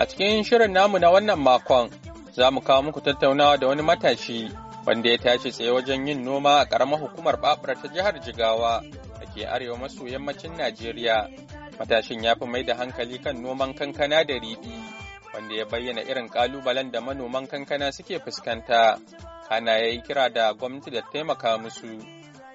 A cikin shirin namu na wannan makon za mu kawo muku tattaunawa da wani matashi wanda ya tashi tsaye wajen yin noma a ƙaramar hukumar babura ta jihar Jigawa da ke arewa maso yammacin Najeriya. Matashin ya fi mai da hankali kan noman kankana da riɗi wanda ya bayyana irin ƙalubalen da manoman kankana suke fuskanta. Ana ya yi kira da gwamnati da taimaka musu.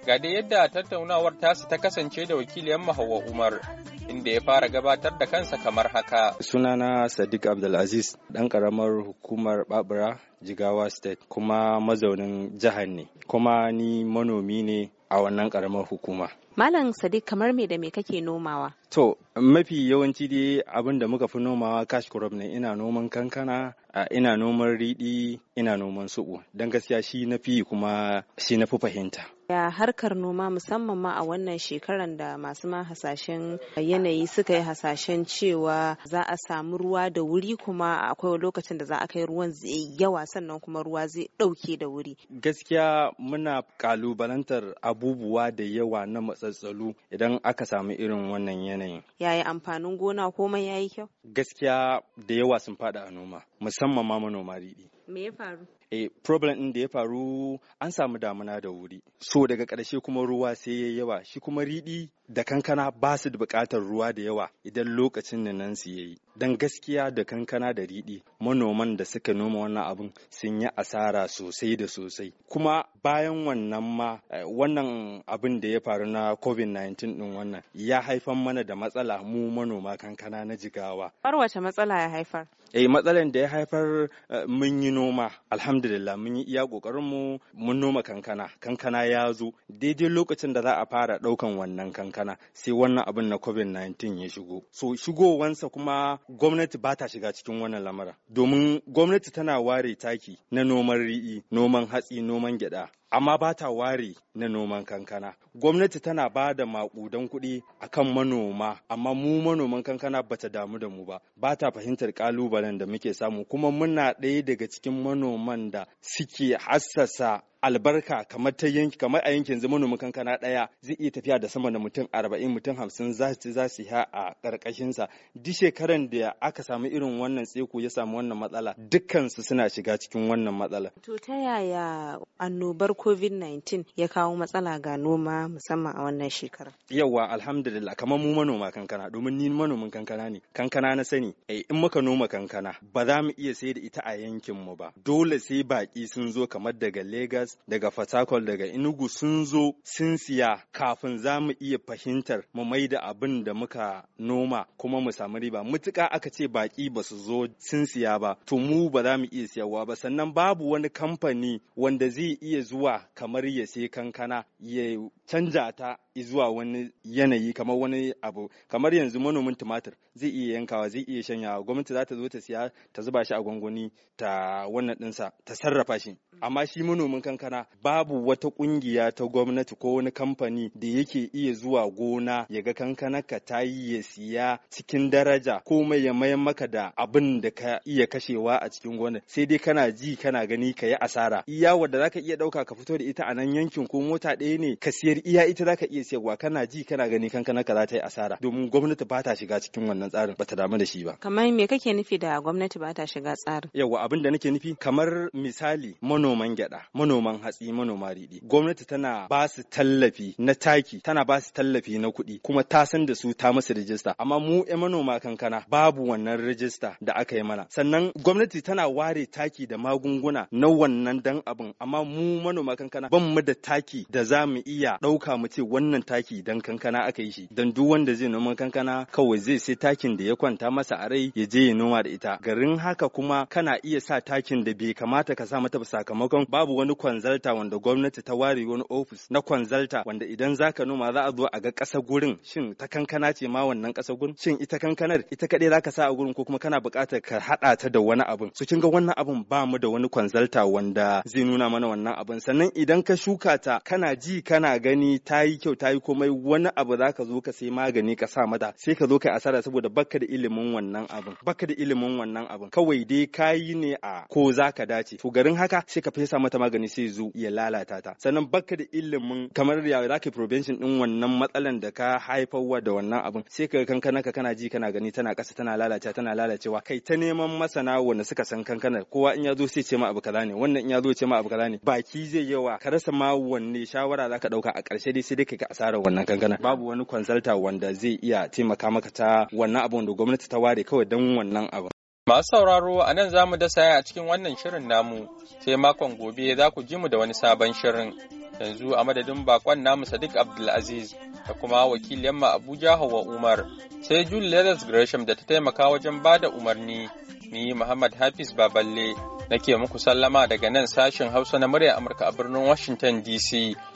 Ga dai yadda tattaunawar tasu ta kasance da wakiliyan Mahawa Umar inda ya fara gabatar da kansa kamar haka. Sunana Sadiq Abdulaziz ɗan ƙaramar hukumar Babura Jigawa State kuma mazaunin jihar ne. Kuma ni manomi ne a wannan karamar hukuma. Malam Sadiq kamar me da me kake nomawa? To mafi yawanci dai abin da muka fi nomawa cash crop ne ina noman kankana, ina noman riɗi, ina noman suɓo. Don gaskiya shi na fi kuma shi na fi fahimta. Ya harkar noma musamman ma a wannan shekaran da masu ma hasashen yanayi suka yi hasashen cewa za a samu ruwa da wuri kuma akwai lokacin da za a kai ruwan zai yawa sannan kuma ruwa zai ɗauke da wuri. Gaskiya muna kalubalantar abu abubuwa da yawa na matsatsalu idan aka samu irin wannan yanayin. Yaya amfanin gona komai ya yi kyau? Gaskiya da yawa sun fada a noma musamman ma manoma riɗi. Me ya faru? e, problem ɗin da ya faru an samu damuna da wuri so daga ƙarshe kuma ruwa sai ya yawa shi kuma riɗi da kankana ba su da buƙatar ruwa da yawa idan lokacin da nan su yayi dan gaskiya da kankana da riɗi manoman da suka noma wannan abin sun yi asara sosai da sosai kuma bayan wannan ma eh, wannan abin da ya faru na covid-19 din wannan ya haifar mana da matsala mu manoma kankana na jigawa. Har wace matsala ya haifar? Eh matsalan da ya haifar eh, mun yi noma alhamdulillah alhamdulillah mun yi iya kokarin mu mun noma kankana kankana ya zo daidai lokacin da za a fara daukan wannan kankana sai wannan abin na covid-19 ya shigo so shigowansa kuma gwamnati ba ta shiga cikin wannan lamara domin gwamnati tana ware taki na noman ri'i noman hatsi noman gyada amma ba ta ware na noman kankana gwamnati tana ba da maƙudan kuɗi a kan manoma amma mu manoman kankana ba ta damu da mu ba ba ta fahimtar ƙalubalen da muke samu kuma muna ɗaya daga cikin manoman da suke hassasa albarka kamar ta yanki kamar a yankin zama manoman kankana ɗaya, zai iya tafiya da sama da mutum arba'in mutum hamsin za su za ha a karkashin sa duk shekaran da aka samu irin wannan tseku ya samu wannan matsala dukkan su suna shiga cikin wannan matsala to ta yaya annobar covid-19 ya kawo matsala ga noma musamman a wannan shekara yawa alhamdulillah kamar mu manoma kankana domin ni manomin kankana ne kankana na sani eh in muka noma kankana ba za mu iya sayar da ita a yankin mu ba dole sai baki sun zo kamar daga Lagos daga Fatakwal daga inugu sun zo sun siya kafin za mu iya fahimtar mu mai da abin da muka noma kuma mu samu riba mutuka aka ce baki ba su zo sun siya ba to mu ba za mu iya siyarwa ba sannan babu wani kamfani wanda zai iya zuwa kamar ya sai kankana ya canja ta zuwa wani yanayi kamar wani abu kamar yanzu manomin tumatir zai iya yankawa zai iya shanyawa gwamnati za ta zo ta siya ta zuba shi a gwangwani ta wannan dinsa ta sarrafa shi amma shi manomin kankana babu wata kungiya ta gwamnati ko wani kamfani da yake iya zuwa gona ya ga kankana ka ta yi ya siya cikin daraja komai ya mayan maka da abin da ka iya kashewa a cikin gonar sai dai kana ji kana gani ka yi asara iya wadda zaka iya ɗauka ka fito da ita a nan yankin ko mota ɗaya ne ka siyar iya ita zaka iya sayarwa kana ji kana gani kankana ka za ta yi asara domin gwamnati ba ta shiga cikin wannan tsarin ba ta damu da shi ba kamar me kake nufi da gwamnati ba ta shiga tsarin yawa abin da nake nufi kamar misali manoman gyada manoman hatsi manoma ridi gwamnati tana ba su tallafi na taki tana ba su tallafi na kuɗi kuma ta san da su ta musu rijista amma mu ƴan manoma kankana babu wannan rijista da aka yi mana sannan gwamnati tana ware taki da magunguna na wannan dan abin amma mu manoma kankana ban mu da taki da za mu iya ɗauka mu ce wannan wannan taki dan kankana aka yi shi dan duk wanda zai noman kankana kawai zai sai takin da ya kwanta masa a rai ya je ya noma da ita garin haka kuma kana iya sa takin da bai kamata ka sa mata sakamakon babu wani kwanzalta wanda gwamnati ta ware wani ofis na kwanzalta wanda idan zaka noma za a zo a ga ƙasa gurin shin ta kankana ce ma wannan ƙasa gurin shin ita kankanar ita kaɗai zaka sa a gurin ko kuma kana buƙatar ka haɗa ta da wani abun so kin ga wannan abun ba mu da wani kwanzalta wanda zai nuna mana wannan abun sannan idan ka shuka ta kana ji kana gani ta yi kyau ta yi komai wani abu za ka zo ka sai magani ka sa mata sai ka zo ka asara saboda baka da ilimin wannan abin baka da ilimin wannan abin kawai dai ka yi ne a ko za ka dace to garin haka sai ka fesa mata magani sai zo ya lalata ta sannan baka da ilimin kamar ya za ka prevention din wannan matsalan da ka haifarwa da wannan abin sai ka kankana ka kana ji kana gani tana kasa tana lalace tana lalacewa kai ta neman masana wanda suka san kankanar kowa in ya zo sai ce ma abu kaza ne wannan in ya zo ce ma abu kaza ne baki zai yawa ka rasa ma wanne shawara za ka dauka a ƙarshe dai sai dai ka asarar wannan gangana babu wani consulta wanda zai iya taimaka maka ta wannan abun da gwamnati ta ware kawai don wannan abu Masu sauraro a nan za mu dasa a cikin wannan shirin namu sai makon gobe za ku ji mu da wani sabon shirin yanzu a madadin bakon namu Sadiq Abdulaziz da kuma wakilin Yamma Abuja Hawa Umar sai jul Leathers Gresham da ta taimaka wajen ba da umarni ni Muhammad Hafiz Baballe nake muku sallama daga nan sashen Hausa na murya Amurka a birnin Washington DC.